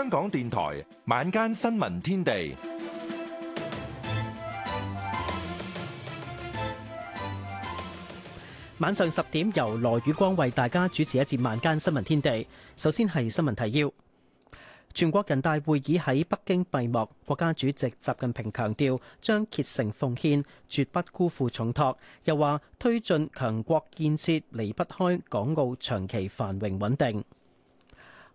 香港電台晚間新聞天地，晚上十點由羅宇光為大家主持一節晚間新聞天地。首先係新聞提要：全國人大會議喺北京閉幕，國家主席習近平強調將竭誠奉獻，絕不辜負重託。又話推進強國建設離不開港澳長期繁榮穩定。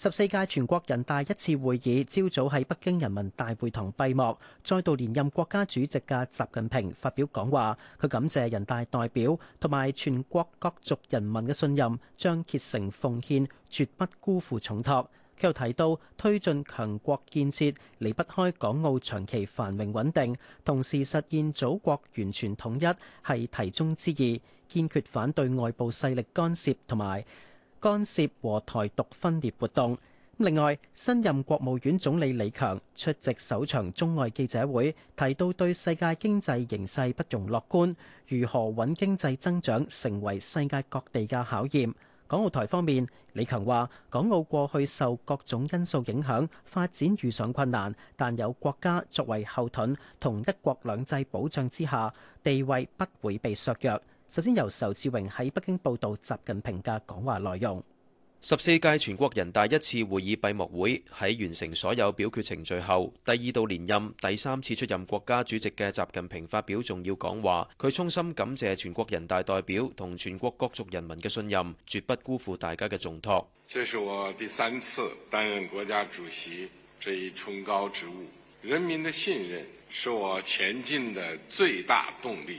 十四屆全國人大一次會議朝早喺北京人民大會堂閉幕，再度連任國家主席嘅習近平發表講話，佢感謝人大代表同埋全國各族人民嘅信任，將竭誠奉獻，絕不辜負重託。佢又提到，推進強國建設離不開港澳長期繁榮穩定，同時實現祖國完全統一係題中之義，堅決反對外部勢力干涉同埋。.干涉和台獨分裂活動，另外，新任國務院總理李強出席首場中外記者會提到對世界經濟形勢不容樂觀，如何穩經濟增長成為世界各地嘅考驗，港澳台方面，李強話港澳過去受各種因素影響發展遇上困難，但有國家作為後盾，同一國兩制保障之下，地位不會被削弱。首先由仇志榮喺北京報道習近平嘅講話內容。十四屆全國人大一次會議閉幕會喺完成所有表決程序後，第二度連任第三次出任國家主席嘅習近平發表重要講話。佢衷心感謝全國人大代表同全國各族人民嘅信任，絕不辜負大家嘅重託。這是我第三次擔任國家主席這一崇高職務，人民的信任是我前進的最大動力。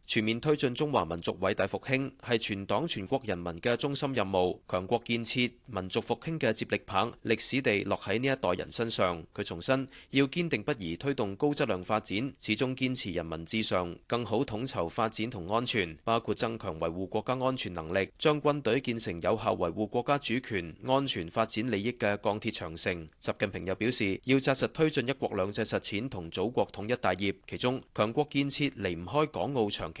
全面推進中華民族偉大復興係全黨全國人民嘅中心任務，強國建設、民族復興嘅接力棒，歷史地落喺呢一代人身上。佢重申要堅定不移推動高質量發展，始終堅持人民至上，更好統籌發展同安全，包括增強維護國家安全能力，將軍隊建成有效維護國家主權、安全、發展利益嘅鋼鐵長城。習近平又表示，要紮實推進一國兩制實踐同祖國統一大業，其中強國建設離唔開港澳長期。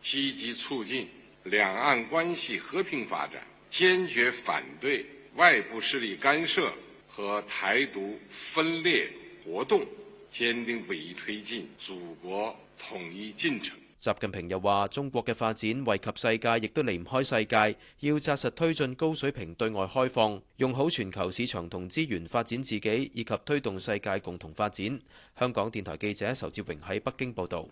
積極促進兩岸關係和平發展，堅決反對外部勢力干涉和台獨分裂活動，堅定不移推進祖國統一進程。習近平又話，中國嘅發展惠及世界，亦都離唔開世界。要扎實推進高水平對外開放，用好全球市場同資源發展自己，以及推動世界共同發展。香港電台記者仇志榮喺北京報道。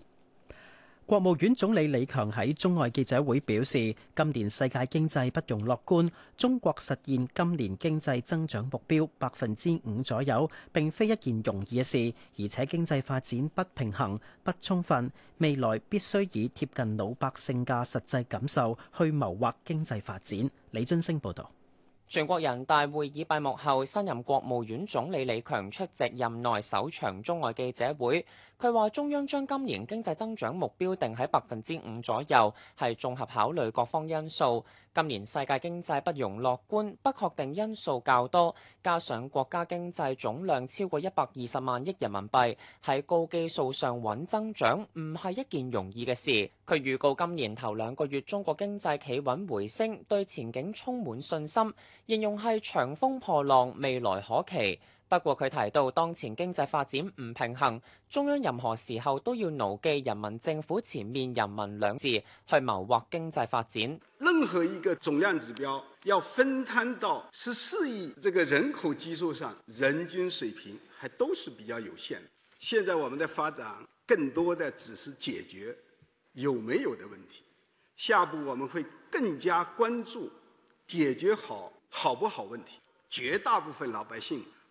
國務院總理李強喺中外記者會表示，今年世界經濟不容樂觀，中國實現今年經濟增長目標百分之五左右，並非一件容易嘅事，而且經濟發展不平衡、不充分，未來必須以貼近老百姓嘅實際感受去謀劃經濟發展。李津升報道。全國人大會議閉幕後，新任國務院總理李強出席任內首場中外記者會。佢話：中央將今年經濟增長目標定喺百分之五左右，係綜合考慮各方因素。今年世界經濟不容樂觀，不確定因素較多，加上國家經濟總量超過一百二十萬億人民幣，喺高基數上穩增長唔係一件容易嘅事。佢預告今年頭兩個月中國經濟企穩回升，對前景充滿信心，形容係長風破浪，未來可期。不過佢提到，當前經濟發展唔平衡，中央任何時候都要牢記人民政府前面人民兩字，去謀劃經濟發展。任何一個總量指標要分攤到十四億這個人口基礎上，人均水平還都是比較有限。現在我們的發展更多的只是解決有沒有的問題，下步我們會更加關注解決好好不好問題。絕大部分老百姓，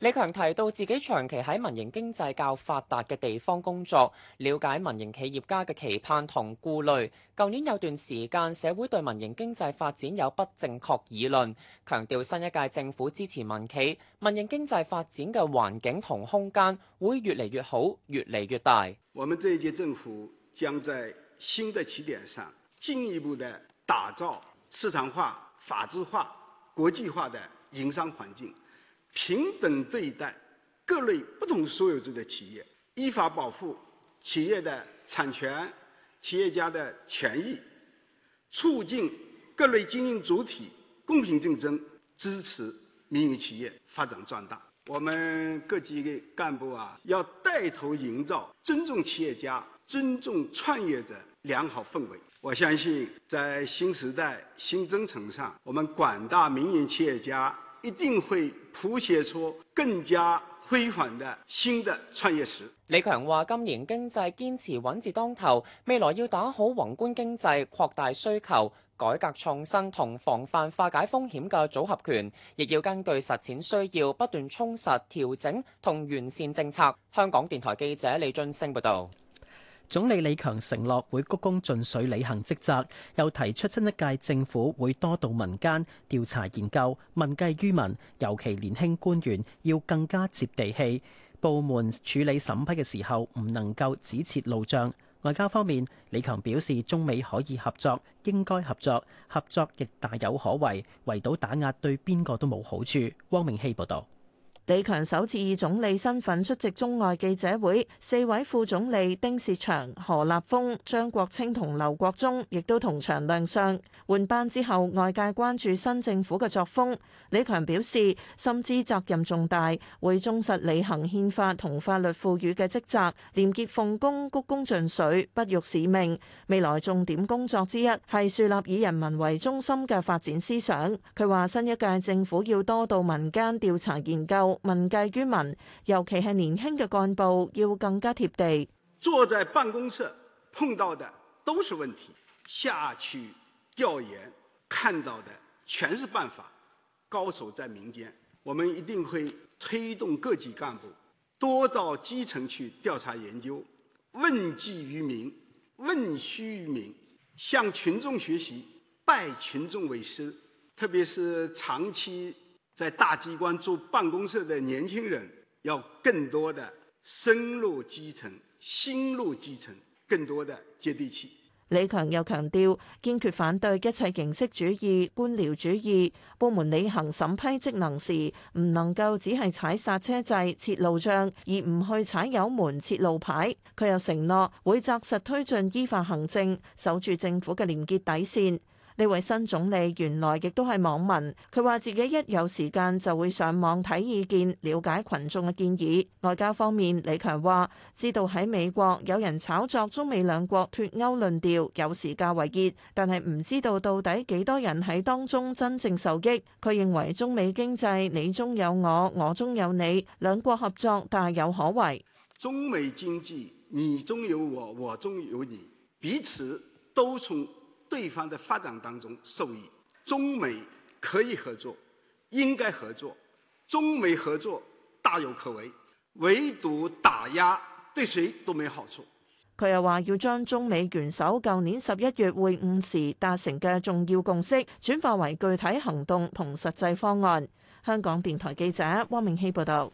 李強提到自己長期喺民營經濟較發達嘅地方工作，了解民營企業家嘅期盼同顧慮。舊年有段時間社會對民營經濟發展有不正確議論，強調新一屆政府支持民企，民營經濟發展嘅環境同空間會越嚟越好，越嚟越大。我們這一屆政府將在新的起點上，進一步的打造市場化、法治化、國際化的營商環境。平等對待各類不同所有制的企業，依法保護企業的產權、企業家的權益，促進各類經營主體公平競爭，支持民營企業發展壯大。我們各級幹部啊，要帶頭營造尊重企業家、尊重創業者良好氛圍。我相信，在新時代新征程上，我們廣大民營企業家，一定會譜寫出更加輝煌的新的創業史。李強話：今年經濟堅持穩字當頭，未來要打好宏觀經濟擴大需求、改革創新同防範化解風險嘅組合拳，亦要根據實踐需要不斷充實、調整同完善政策。香港電台記者李俊升報道。總理李強承諾會鞠躬盡瘁履行職責，又提出新一屆政府會多到民間調查研究，問計於民，尤其年輕官員要更加接地氣。部門處理審批嘅時候唔能夠只設路障。外交方面，李強表示中美可以合作，應該合作，合作亦大有可為。圍堵打壓對邊個都冇好處。汪明希報道。李強首次以總理身份出席中外記者會，四位副總理丁薛祥、何立峰、張國清同劉國中亦都同場亮相。換班之後，外界關注新政府嘅作風。李強表示，深知責任重大，會忠實履行憲法同法律賦予嘅職責，廉潔奉公，鞠躬盡瘁，不辱使命。未來重點工作之一係樹立以人民為中心嘅發展思想。佢話新一屆政府要多到民間調查研究。問計於民，尤其係年輕嘅幹部要更加貼地。坐在辦公室碰到的都是問題，下去調研看到的全是辦法。高手在民間，我們一定會推動各級幹部多到基層去調查研究，問計於民，問需於民，向群眾學習，拜群眾為師，特別是長期，在大機關做辦公室的年輕人，要更多的深入基層、心入基層，更多的接地氣。李強又強調，堅決反對一切形式主義、官僚主義。部門履行審批職能時，唔能夠只係踩剎車掣、設路障，而唔去踩油門、設路牌。佢又承諾會紮實推進依法行政，守住政府嘅廉潔底線。呢位新總理原來亦都係網民，佢話自己一有時間就會上網睇意見，了解群眾嘅建議。外交方面，李強話知道喺美國有人炒作中美兩國脫歐論調，有時較為熱，但係唔知道到底幾多人喺當中真正受益。佢認為中美經濟你中有我，我中有你，兩國合作大有可為。中美經濟你中有我，我中有你，彼此都從對方的發展當中受益，中美可以合作，應該合作，中美合作大有可為，唯獨打壓對誰都沒好處。佢又話要將中美元首舊年十一月會晤時達成嘅重要共識轉化為具體行動同實際方案。香港電台記者汪明熙報道。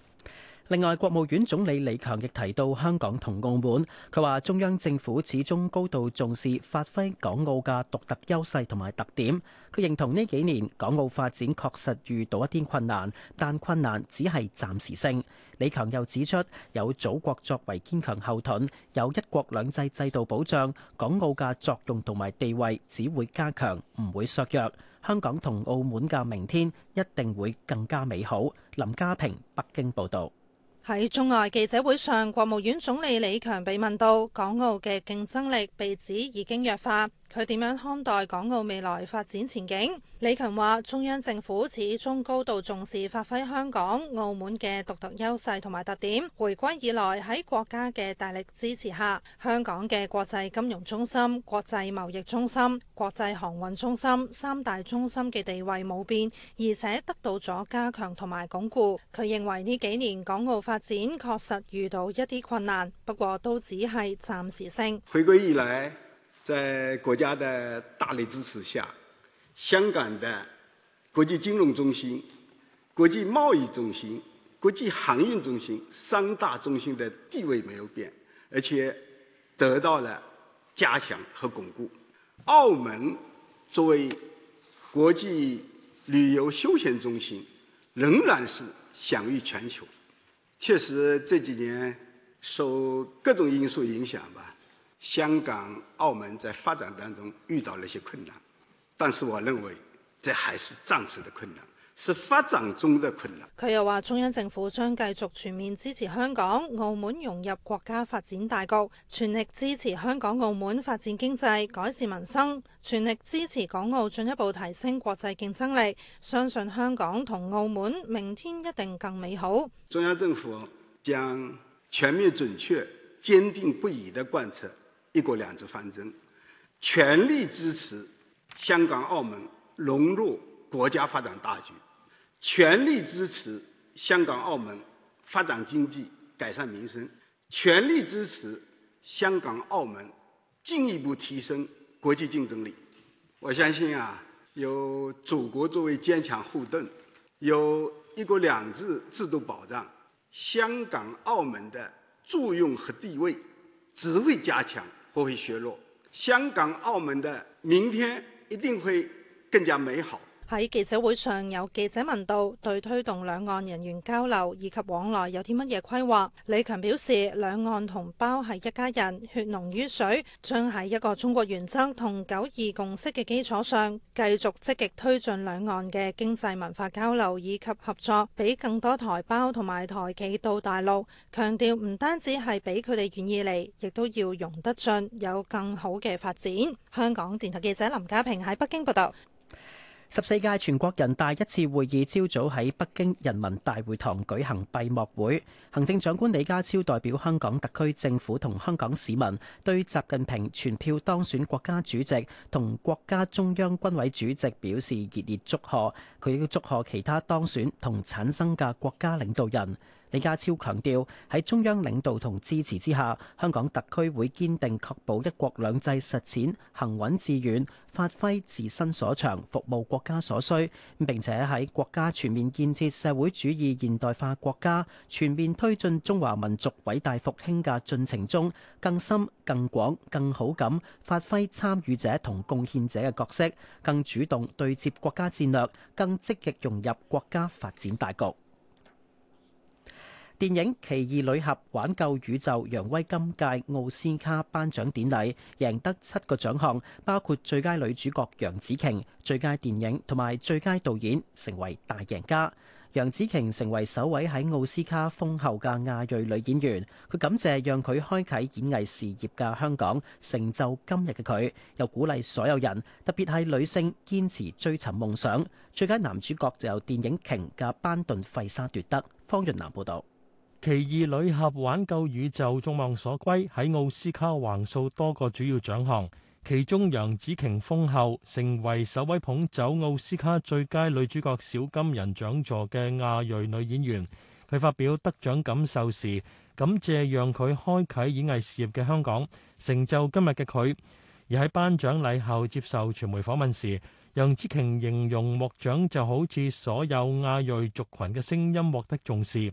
另外，國務院總理李強亦提到香港同澳門。佢話：中央政府始終高度重視發揮港澳嘅獨特優勢同埋特點。佢認同呢幾年港澳發展確實遇到一啲困難，但困難只係暫時性。李強又指出，有祖國作為堅強後盾，有一國兩制制度保障，港澳嘅作用同埋地位只會加強，唔會削弱。香港同澳門嘅明天一定會更加美好。林家平北京報導。喺中外記者會上，國務院總理李強被問到，港澳嘅競爭力被指已經弱化。佢點樣看待港澳未來發展前景？李群話：中央政府始終高度重視發揮香港、澳門嘅獨特優勢同埋特點。回歸以來喺國家嘅大力支持下，香港嘅國際金融中心、國際貿易中心、國際航運中心三大中心嘅地位冇變，而且得到咗加強同埋鞏固。佢認為呢幾年港澳發展確實遇到一啲困難，不過都只係暫時性。回歸以來在國家的大力支持下，香港的國際金融中心、國際貿易中心、國際航運中心三大中心的地位沒有變，而且得到了加強和鞏固。澳門作為國際旅遊休閒中心，仍然是享譽全球。確實這幾年受各種因素影響吧。香港、澳門在發展當中遇到了些困難，但是我認為，這還是暫時的困難，是發展中的困難。佢又話：中央政府將繼續全面支持香港、澳門融入國家發展大局，全力支持香港、澳門發展經濟、改善民生，全力支持港澳進一步提升國際競爭力。相信香港同澳門明天一定更美好。中央政府將全面、準確、堅定不移地貫徹一國兩制方針，全力支持香港澳門融入國家發展大局，全力支持香港澳門發展經濟、改善民生，全力支持香港澳門進一步提升國際競爭力。我相信啊，有祖國作為堅強後盾，有一國兩制制度保障，香港澳門的作用和地位，只會加強。不會削弱。香港、澳門的明天，一定會更加美好。喺記者會上，有記者問到對推動兩岸人員交流以及往來有啲乜嘢規劃？李強表示，兩岸同胞係一家人，血濃於水，將喺一個中國原則同九二共識嘅基礎上，繼續積極推進兩岸嘅經濟文化交流以及合作，俾更多台胞同埋台企到大陸。強調唔單止係俾佢哋願意嚟，亦都要融得進，有更好嘅發展。香港電台記者林家平喺北京報道。十四屆全國人大一次會議朝早喺北京人民大會堂舉行閉幕會，行政長官李家超代表香港特區政府同香港市民對習近平全票當選國家主席同國家中央軍委主席表示熱烈祝賀，佢要祝賀其他當選同產生嘅國家領導人。李家超強調喺中央領導同支持之下，香港特區會堅定確保一國兩制實踐行穩致遠，發揮自身所長，服務國家所需，並且喺國家全面建設社會主義現代化國家、全面推進中華民族偉大復興嘅進程中，更深、更廣、更好咁發揮參與者同貢獻者嘅角色，更主動對接國家戰略，更積極融入國家發展大局。電影《奇異女俠》玩救宇宙，揚威今屆奧斯卡頒獎典禮，贏得七個獎項，包括最佳女主角楊紫瓊、最佳電影同埋最佳導演，成為大贏家。楊紫瓊成為首位喺奧斯卡封後嘅亞裔女演員。佢感謝讓佢開啓演藝事業嘅香港，成就今日嘅佢。又鼓勵所有人，特別係女性堅持追尋夢想。最佳男主角就由電影《鯨》嘅班頓費沙奪得。方潤南報導。奇異女俠挽救宇宙，眾望所歸，喺奧斯卡橫掃多個主要獎項，其中楊紫瓊封后，成為首位捧走奧斯卡最佳女主角小金人獎座嘅亞裔女演員。佢發表得獎感受時，感謝讓佢開啓演藝事業嘅香港，成就今日嘅佢。而喺頒獎禮後接受傳媒訪問時，楊紫瓊形容獲獎就好似所有亞裔族群嘅聲音獲得重視。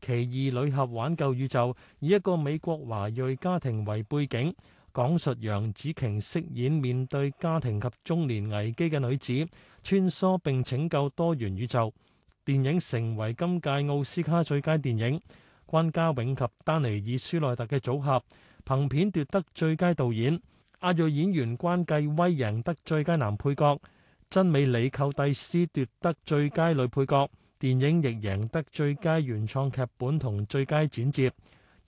《奇異女俠挽救宇宙》以一個美國華裔家庭為背景，講述楊紫瓊飾演面對家庭及中年危機嘅女子，穿梭並拯救多元宇宙。電影成為今屆奧斯卡最佳電影。關家永及丹尼爾舒奈特嘅組合憑片奪得最佳導演。亞裔演員關繼威贏得最佳男配角，真美李寇蒂斯奪得最佳女配角。電影亦贏得最佳原創劇本同最佳剪接，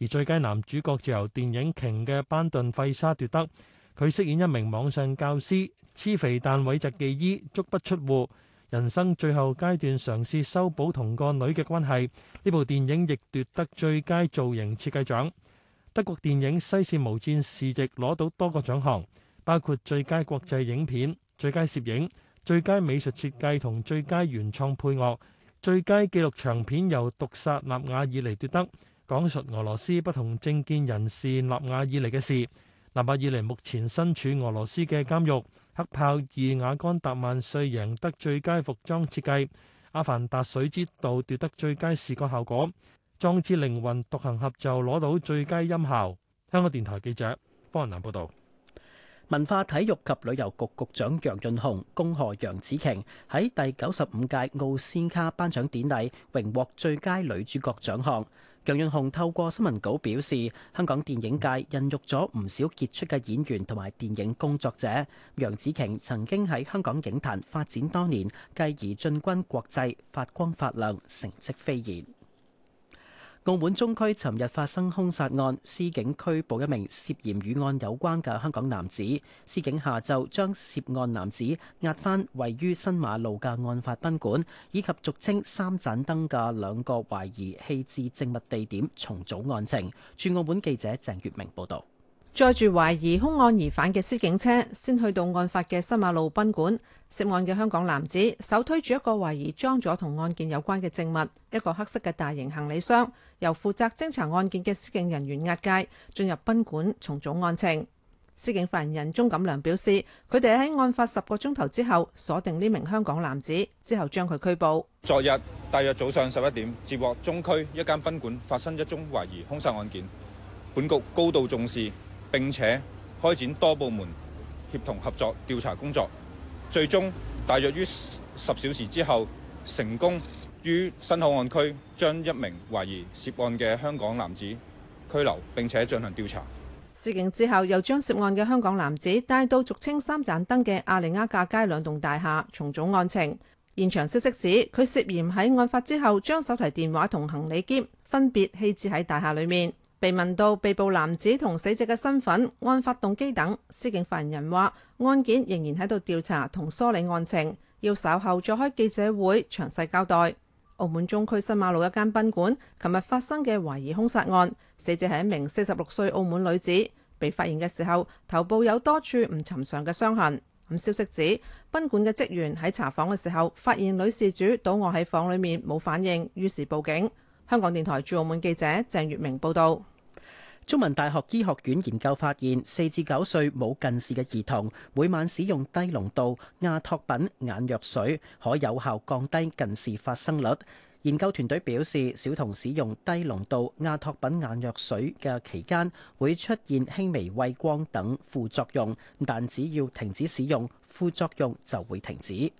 而最佳男主角就由電影《鯨》嘅班頓費沙奪得。佢飾演一名網上教師，痴肥但偉隻嘅伊，足不出戶，人生最後階段嘗試修補同個女嘅關係。呢部電影亦奪得最佳造型設計獎。德國電影《西線無戰事》亦攞到多個獎項，包括最佳國際影片、最佳攝影、最佳美術設計同最佳原創配樂。最佳紀錄長片由毒殺納瓦爾尼奪得，講述俄羅斯不同政見人士納瓦爾尼嘅事。納瓦爾尼目前身處俄羅斯嘅監獄。黑豹二亞干達萬歲贏得最佳服裝設計。阿凡達水之道奪得最佳視覺效果。壯志凌雲獨行俠就攞到最佳音效。香港電台記者方雲南報道。文化、體育及旅遊局局長楊潤雄恭賀楊紫瓊喺第九十五屆奧斯卡頒獎典禮榮獲最佳女主角獎項。楊潤雄透過新聞稿表示，香港電影界孕育咗唔少傑出嘅演員同埋電影工作者。楊紫瓊曾經喺香港影壇發展多年，繼而進軍國際，發光發亮，成績斐然。澳門中區尋日發生凶殺案，司警拘捕一名涉嫌與案有關嘅香港男子。司警下晝將涉案男子押翻，位於新馬路嘅案發賓館，以及俗稱三盞燈嘅兩個懷疑棄置證物地點，重組案情。駐澳門記者鄭月明報道。載住懷疑凶案疑犯嘅司警車，先去到案發嘅新馬路賓館。涉案嘅香港男子手推住一個懷疑裝咗同案件有關嘅證物，一個黑色嘅大型行李箱，由負責偵查案件嘅司警人員押解進入賓館重組案情。司警發言人鍾錦良表示，佢哋喺案發十個鐘頭之後鎖定呢名香港男子，之後將佢拘捕。昨日大約早上十一點，接獲中區一間賓館發生一宗懷疑兇殺案件，本局高度重視。並且開展多部門協同合作調查工作，最終大約於十小時之後成功於新口岸區將一名懷疑涉案嘅香港男子拘留並且進行調查。事件之後，又將涉案嘅香港男子帶到俗稱三盞燈嘅亞利亞架街兩棟大廈重組案情。現場消息指，佢涉嫌喺案發之後將手提電話同行李喼分別棄置喺大廈裡面。被問到被捕男子同死者嘅身份、案發動機等，司警發言人話：案件仍然喺度調查同梳理案情，要稍後再開記者會詳細交代。澳門中區新馬路一間賓館琴日發生嘅懷疑兇殺案，死者係一名四十六歲澳門女子，被發現嘅時候頭部有多處唔尋常嘅傷痕。咁消息指賓館嘅職員喺查房嘅時候發現女事主倒卧喺房裏面冇反應，於是報警。香港電台駐澳門記者鄭月明報導。中文大學醫學院研究發現，四至九歲冇近視嘅兒童，每晚使用低濃度阿托品眼藥水，可有效降低近視發生率。研究團隊表示，小童使用低濃度阿托品眼藥水嘅期間，會出現輕微畏光等副作用，但只要停止使用，副作用就會停止。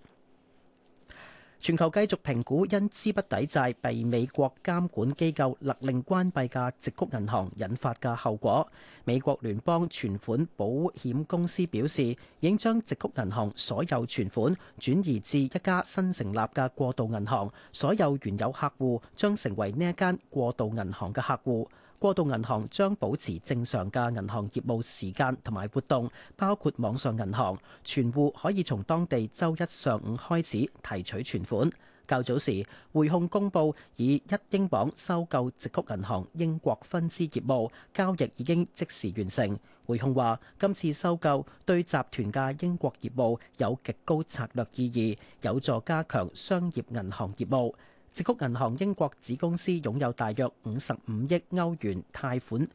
全球繼續評估因資不抵債被美國監管機構勒令關閉嘅矽谷銀行引發嘅後果。美國聯邦存款保險公司表示，已經將矽谷銀行所有存款轉移至一家新成立嘅過渡銀行，所有原有客戶將成為呢一間過渡銀行嘅客戶。過渡銀行將保持正常嘅銀行業務時間同埋活動，包括網上銀行。存戶可以從當地周一上午開始提取存款。較早時，匯控公佈以一英鎊收購矽谷銀行英國分支業務，交易已經即時完成。匯控話：今次收購對集團嘅英國業務有極高策略意義，有助加強商業銀行業務。矽谷銀行英國子公司擁有大約五十五億歐元貸款，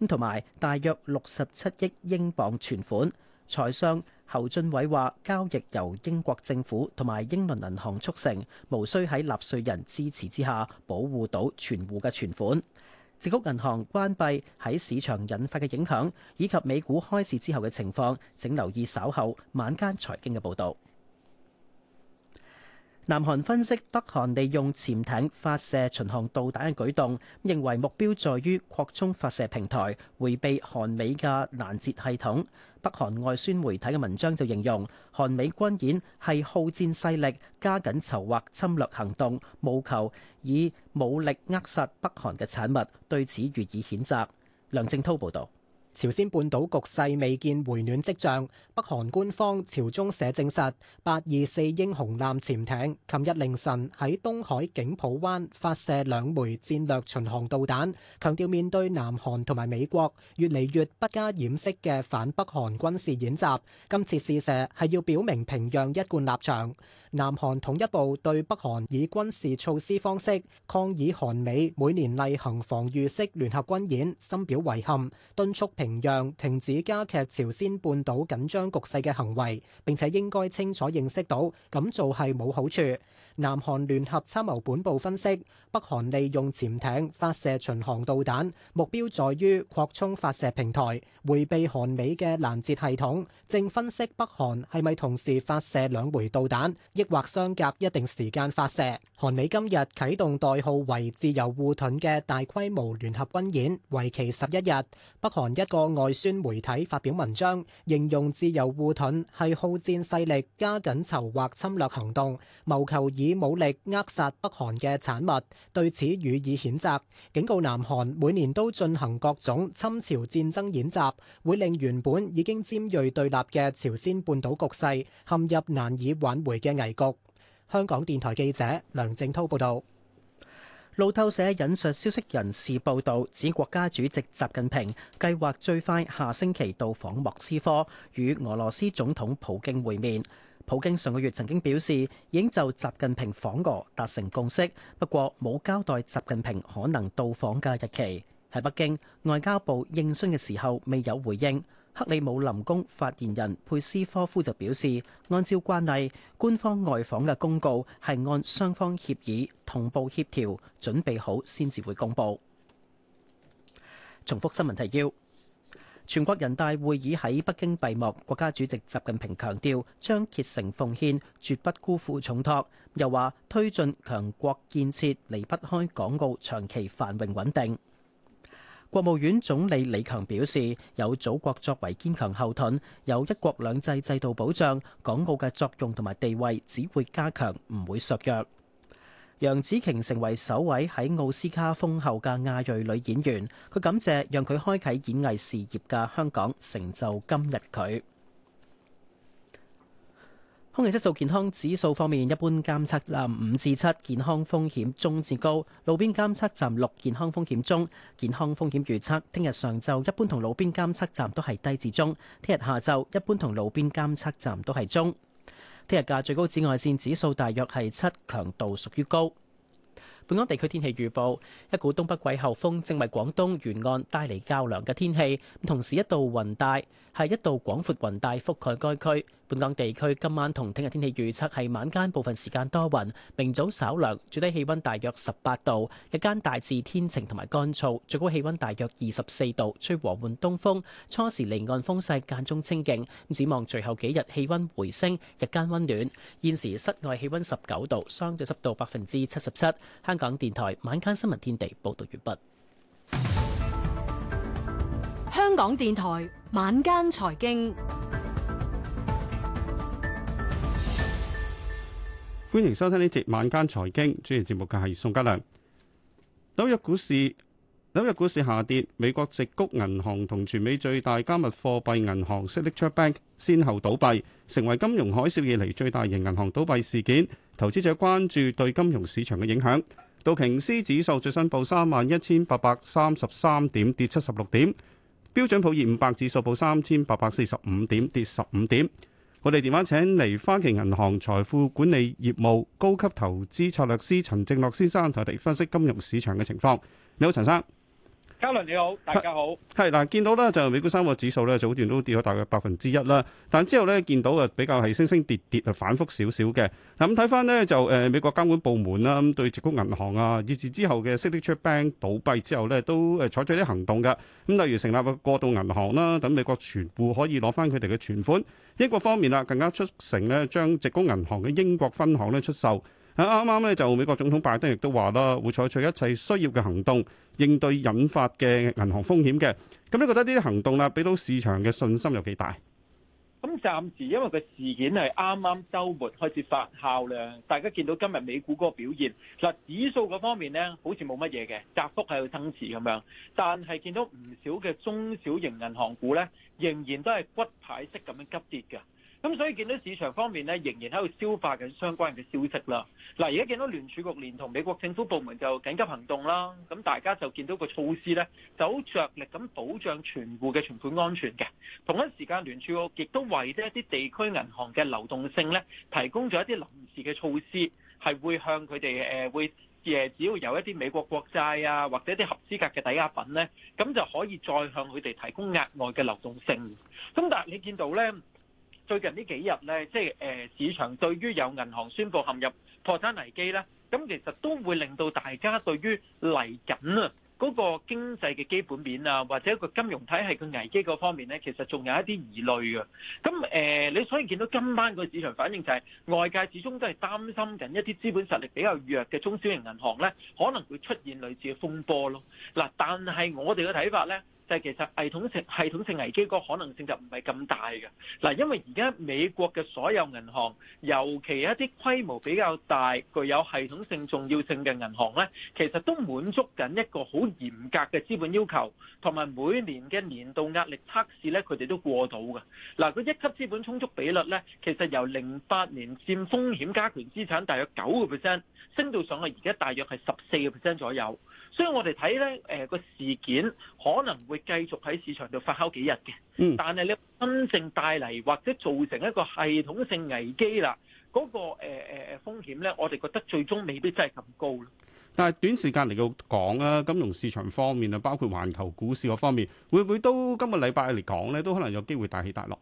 咁同埋大約六十七億英鎊存款。財相侯俊偉話：交易由英國政府同埋英倫銀行促成，無需喺納稅人支持之下保護到存戶嘅存款。矽谷銀行關閉喺市場引發嘅影響，以及美股開市之後嘅情況，請留意稍後晚間財經嘅報導。南韓分析北韓利用潛艇發射巡航導彈嘅舉動，認為目標在於擴充發射平台，迴避韓美嘅攔截系統。北韓外宣媒體嘅文章就形容韓美軍演係好戰勢力加緊籌劃侵略行動，務求以武力扼殺北韓嘅產物。對此予以譴責。梁正滔報導。朝鮮半島局勢未見回暖跡象，北韓官方朝中社證實，八二四英雄艦潛艇琴日凌晨喺東海景浦灣發射兩枚戰略巡航導彈，強調面對南韓同埋美國越嚟越不加掩飾嘅反北韓軍事演習，今次試射係要表明平壤一貫立場。南韓統一部對北韓以軍事措施方式抗議韓美每年例行防禦式聯合軍演，深表遺憾，敦促平壤停止加劇朝鮮半島緊張局勢嘅行為，並且應該清楚認識到咁做係冇好處。南韓聯合參謀本部分析，北韓利用潛艇發射巡航導彈，目標在於擴充發射平台，迴避韓美嘅攔截系統。正分析北韓係咪同時發射兩回導彈，抑或相隔一定時間發射。韓美今日啟動代號為「自由護盾」嘅大規模聯合軍演，為期十一日。北韓一個外宣媒體發表文章，形容「自由護盾」係好戰勢力加緊籌劃侵略行動，謀求以以武力扼殺北韓嘅產物，對此予以譴責，警告南韓每年都進行各種侵朝戰爭演習，會令原本已經尖鋭對立嘅朝鮮半島局勢陷入難以挽回嘅危局。香港電台記者梁正滔報道。路透社引述消息人士報道，指國家主席習近平計劃最快下星期到訪莫斯科，與俄羅斯總統普京會面。普京上個月曾經表示，已經就習近平訪俄達成共識，不過冇交代習近平可能到訪嘅日期。喺北京，外交部應詢嘅時候未有回應。克里姆林宮發言人佩斯科夫就表示，按照慣例，官方外訪嘅公告係按雙方協議同步協調準備好先至會公佈。重複新聞提要。全國人大會議喺北京閉幕，國家主席習近平強調將竭誠奉獻，絕不辜負重託，又話推進強國建設，離不開港澳長期繁榮穩定。國務院總理李強表示，有祖國作為堅強後盾，有一國兩制制度保障，港澳嘅作用同埋地位只會加強，唔會削弱。楊紫瓊成為首位喺奧斯卡封后嘅亞裔女演員，佢感謝讓佢開啟演藝事業嘅香港，成就今日佢。空氣質素健康指數方面，一般監測站五至七，健康風險中至高；路邊監測站六，健康風險中。健康風險預測：聽日上晝一般同路邊監測站都係低至中；聽日下晝一般同路邊監測站都係中。聽日嘅最高紫外線指數大約係七，強度屬於高。本港地區天氣預報：一股東北季候風正為廣東沿岸帶嚟較涼嘅天氣，同時一道雲帶係一道廣闊雲帶覆蓋該區。本港地區今晚同聽日天氣預測係晚間部分時間多雲，明早稍涼，最低氣温大約十八度，日間大致天晴同埋乾燥，最高氣温大約二十四度，吹和緩東風，初時離岸風勢間中清勁。咁展望隨後幾日氣温回升，日間温暖。現時室外氣温十九度，相對濕度百分之七十七。香港電台晚間新聞天地報道完畢。香港電台晚間財經，歡迎收聽呢節晚間財經。主持節目嘅係宋家良。紐約股市，紐約股市下跌。美國直谷銀行同全美最大加密貨幣銀行 Signature Bank 先後倒閉，成為金融海嘯以嚟，最大型銀行倒閉事件。投資者關注對金融市場嘅影響。道瓊斯指數最新報三萬一千八百三十三點，跌七十六點，標準普爾五百指數報三千八百四十五點跌十五點。我哋電話請嚟花旗銀行財富管理業務高級投資策略師陳正樂先生，同我哋分析金融市場嘅情況。你好，陳生。嘉倫你好，大家好。係嗱，見到咧就美股三個指數咧，早段都跌咗大約百分之一啦。但之後咧見到啊，比較係升升跌跌啊，反覆少少嘅。嗱咁睇翻咧就誒、呃、美國監管部門啦，咁、嗯、對直轄銀行啊，以至之後嘅 Signature Bank 倒閉之後咧，都誒採取啲行動嘅。咁、嗯、例如成立個過渡銀行啦，等美國全部可以攞翻佢哋嘅存款。英國方面啦，更加出成呢，將直轄銀行嘅英國分行咧出售。啱啱咧就美國總統拜登亦都話啦，會採取一切需要嘅行動應對引發嘅銀行風險嘅。咁你覺得呢啲行動啦，俾到市場嘅信心有幾大？咁暫時因為個事件係啱啱週末開始發酵咧，大家見到今日美股嗰個表現，嗱指數嗰方面咧好似冇乜嘢嘅，窄幅喺度增持咁樣，但係見到唔少嘅中小型銀行股咧，仍然都係骨牌式咁樣急跌嘅。咁所以見到市場方面咧，仍然喺度消化緊相關嘅消息啦。嗱，而家見到聯儲局連同美國政府部門就緊急行動啦。咁大家就見到個措施咧，就好着力咁保障全部嘅存款安全嘅。同一時間，聯儲局亦都為咗一啲地區銀行嘅流動性咧，提供咗一啲臨時嘅措施，係會向佢哋誒會誒，只要有一啲美國國債啊，或者一啲合資格嘅抵押品咧，咁就可以再向佢哋提供額外嘅流動性。咁但係你見到咧，最近呢幾日呢，即係誒市場對於有銀行宣布陷入破產危機呢，咁其實都會令到大家對於嚟緊啊嗰個經濟嘅基本面啊，或者個金融體系嘅危機嗰方面呢，其實仲有一啲疑慮嘅。咁誒，你所以見到今晚個市場反應就係外界始終都係擔心緊一啲資本實力比較弱嘅中小型銀行呢，可能會出現類似嘅風波咯。嗱，但係我哋嘅睇法呢，但其實系統性系統性危機個可能性就唔係咁大嘅。嗱，因為而家美國嘅所有銀行，尤其一啲規模比較大、具有系統性重要性嘅銀行咧，其實都滿足緊一個好嚴格嘅資本要求，同埋每年嘅年度壓力測試咧，佢哋都過到嘅。嗱，佢一級資本充足比率咧，其實由零八年佔風險加權資產大約九個 percent，升到上去，而家大約係十四個 percent 左右。所以我哋睇咧，誒、呃、個事件可能會繼續喺市場度發酵幾日嘅，嗯、但係咧真正帶嚟或者造成一個系統性危機啦，嗰、那個誒誒、呃、風險咧，我哋覺得最終未必真係咁高。但係短時間嚟講啊，金融市場方面啊，包括環球股市嗰方面，會唔會都今個禮拜嚟講咧，都可能有機會大起大落？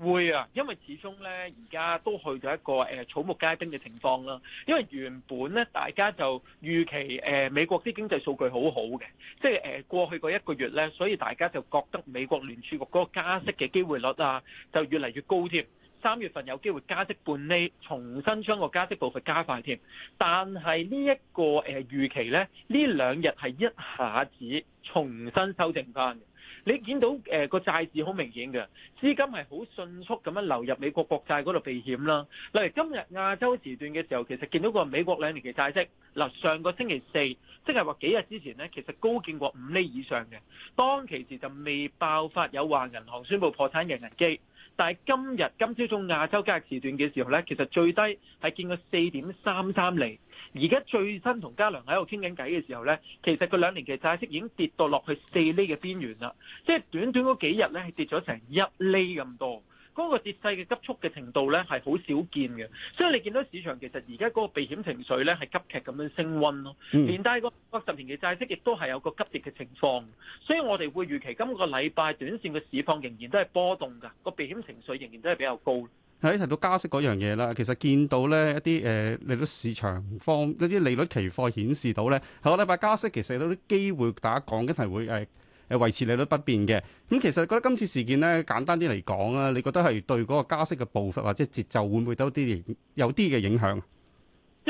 會啊，因為始終咧，而家都去咗一個誒草木皆兵嘅情況啦。因為原本咧，大家就預期誒美國啲經濟數據好好嘅，即係誒過去嗰一個月咧，所以大家就覺得美國聯儲局嗰個加息嘅機會率啊，就越嚟越高添。三月份有機會加息半厘，重新將個加息步伐加快添。但係呢一個誒預期咧，呢兩日係一下子重新修正翻嘅。你見到誒個債市好明顯嘅資金係好迅速咁樣流入美國國債嗰度避險啦。例如今日亞洲時段嘅時候，其實見到個美國兩年期債息嗱，上個星期四，即係話幾日之前呢，其實高見過五厘以上嘅，當其時就未爆發有話銀行宣布破產嘅危機。但係今日今朝早亞洲交易時段嘅時候咧，其實最低係見過四點三三厘。而家最新同嘉良喺度傾緊偈嘅時候咧，其實佢兩年期債息已經跌到落去四厘嘅邊緣啦。即係短短嗰幾日咧，係跌咗成一厘咁多。嗰個跌勢嘅急速嘅程度咧係好少見嘅，所以你見到市場其實而家嗰個避險情緒咧係急劇咁樣升温咯，連帶個個十年嘅債息亦都係有個急跌嘅情況，所以我哋會預期今個禮拜短線嘅市況仍然都係波動㗎，個避險情緒仍然都係比較高。係，提到加息嗰樣嘢啦，其實見到咧一啲誒利率市場方一啲利率期貨顯示到咧，下個禮拜加息其實有啲機會大家講緊係會誒。誒維持利率不變嘅，咁其實覺得今次事件呢，簡單啲嚟講啊，你覺得係對嗰個加息嘅步伐或者節奏會唔會都有啲有啲嘅影響？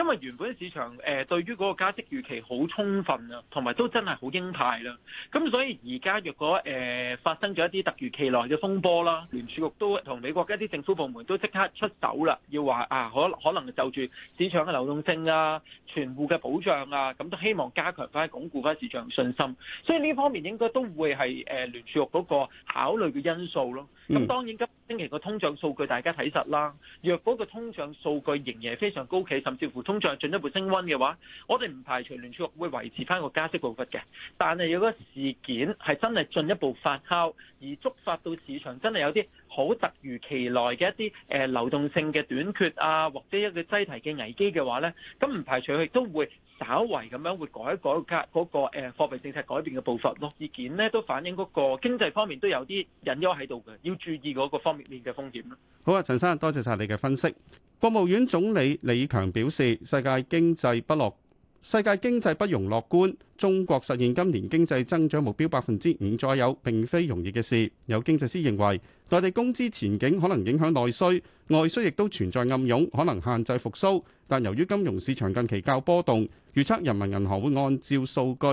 因為原本市場誒對於嗰個加息預期好充分啊，同埋都真係好鷹派啦。咁所以而家若果誒發生咗一啲突如其來嘅風波啦，聯儲局都同美國一啲政府部門都即刻出手啦，要話啊，可能可能就住市場嘅流動性啊、存戶嘅保障啊，咁都希望加強翻、鞏固翻市場信心。所以呢方面應該都會係誒聯儲局嗰個考慮嘅因素咯。咁當然星期個通脹數據大家睇實啦。若果個通脹數據仍然非常高企，甚至乎通脹進一步升溫嘅話，我哋唔排除聯儲局會維持返個加息步伐嘅。但係如果事件係真係進一步發酵，而觸發到市場真係有啲。好突如其來嘅一啲誒流動性嘅短缺啊，或者一個擠提嘅危機嘅話咧，咁唔排除佢都會稍為咁樣會改一改革嗰個誒貨幣政策改變嘅步伐咯。事件咧，都反映嗰個經濟方面都有啲隱憂喺度嘅，要注意嗰個方面面嘅風險。好啊，陳生，多謝曬你嘅分析。國務院總理李強表示，世界經濟不落。世界經濟不容樂觀，中國實現今年經濟增長目標百分之五左右，並非容易嘅事。有經濟師認為，內地工資前景可能影響內需，外需亦都存在暗湧，可能限制復蘇。但由於金融市場近期較波動，預測人民銀行會按照數據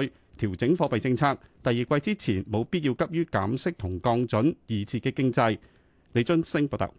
調整貨幣政策。第二季之前冇必要急於減息同降準以刺激經濟。李津升報道。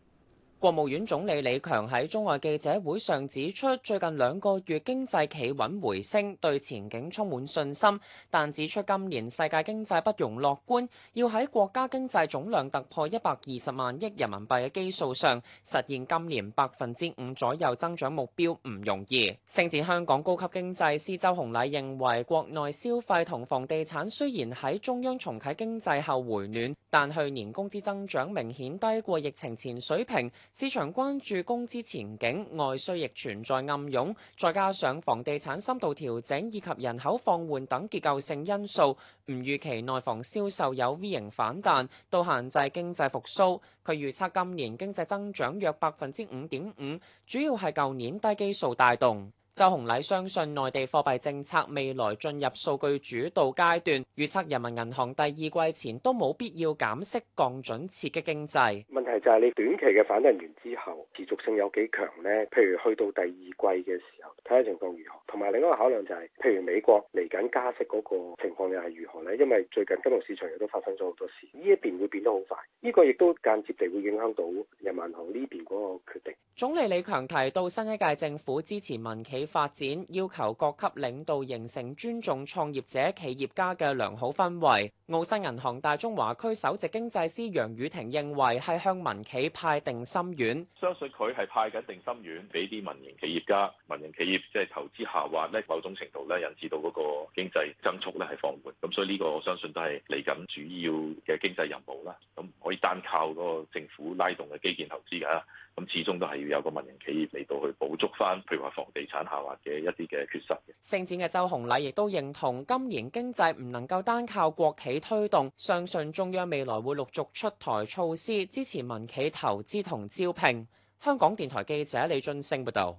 國務院總理李強喺中外記者會上指出，最近兩個月經濟企穩回升，對前景充滿信心。但指出今年世界經濟不容樂觀，要喺國家經濟總量突破一百二十萬億人民幣嘅基數上，實現今年百分之五左右增長目標唔容易。星展香港高級經濟師周紅禮認為，國內消費同房地產雖然喺中央重啟經濟後回暖，但去年工資增長明顯低過疫情前水平。市場關注工資前景，外需亦存在暗湧，再加上房地產深度調整以及人口放緩等結構性因素，唔預期內房銷售有 V 型反彈，都限制經濟復甦。佢預測今年經濟增長約百分之五點五，主要係舊年低基數帶動。周鴻禮相信內地貨幣政策未來進入數據主導階段，預測人民銀行第二季前都冇必要減息降準刺激經濟。就係你短期嘅反彈完之後持續性有幾強咧？譬如去到第二季嘅時候，睇下情況如何。同埋另一個考量就係，譬如美國嚟緊加息嗰個情況又係如何咧？因為最近金融市場亦都發生咗好多事，呢一邊會變得好快。呢個亦都間接地會影響到人民銀行呢邊嗰個決定。總理李強提到，新一屆政府支持民企發展，要求各級領導形成尊重創業者、企業家嘅良好氛圍。澳新銀行大中華區首席經濟師楊雨婷認為係向民企派定心丸，相信佢係派緊定心丸俾啲民營企業家、民營企業，即係投資下滑咧，某種程度咧，引致到嗰個經濟增速咧係放緩。咁所以呢個我相信都係嚟緊主要嘅經濟任務啦。咁可以單靠嗰個政府拉動嘅基建投資㗎，咁始終都係要有個民營企業嚟到去補足翻，譬如話房地產下滑嘅一啲嘅缺失嘅。聖展嘅周鴻禮亦都認同，今年經濟唔能夠單靠國企推動，相信中央未來會陸續出台措施之前。民企投資同招聘。香港電台記者李俊升報導。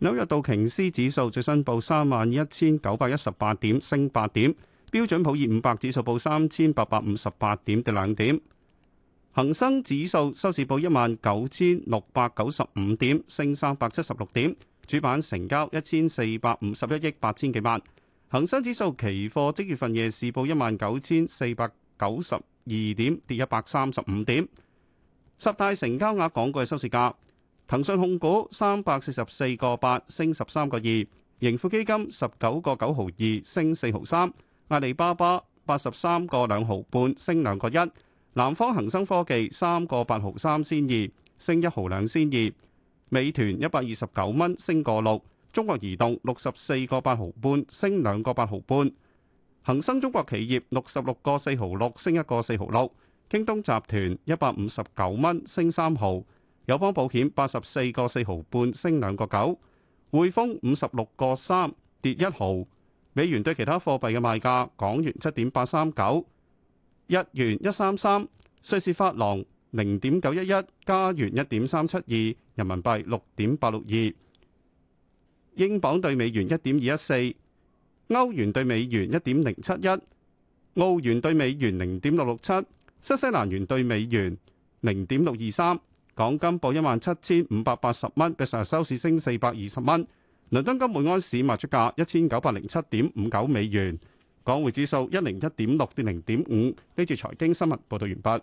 紐約道瓊斯指數最新報三萬一千九百一十八點，升八點。標準普爾五百指數報三千八百五十八點，跌兩點。恒生指數收市報一萬九千六百九十五點，升三百七十六點。主板成交一千四百五十一億八千幾萬。恒生指數期貨即月份夜市報一萬九千四百九十二點，跌一百三十五點。十大成交額港股嘅收市價：騰訊控股三百四十四個八，升十三個二；盈富基金十九個九毫二，升四毫三；阿里巴巴八十三個兩毫半，升兩個一；南方恒生科技三個八毫三先二，升一毫兩先二；美團一百二十九蚊，升個六；中國移動六十四個八毫半，升兩個八毫半；恒生中國企業六十六個四毫六，升一個四毫六。京東集團一百五十九蚊升三毫，友邦保險八十四個四毫半升兩個九，匯豐五十六個三跌一毫。美元對其他貨幣嘅賣價：港元七點八三九，日元一三三，瑞士法郎零點九一一，加元一點三七二，人民幣六點八六二，英鎊對美元一點二一四，歐元對美元一點零七一，澳元對美元零點六六七。新西蘭元兌美元零點六二三，港金報一萬七千五百八十蚊，比上日收市升四百二十蚊。倫敦金每安士賣出價一千九百零七點五九美元，港匯指數一零一點六跌零點五。呢次財經新聞報道完畢。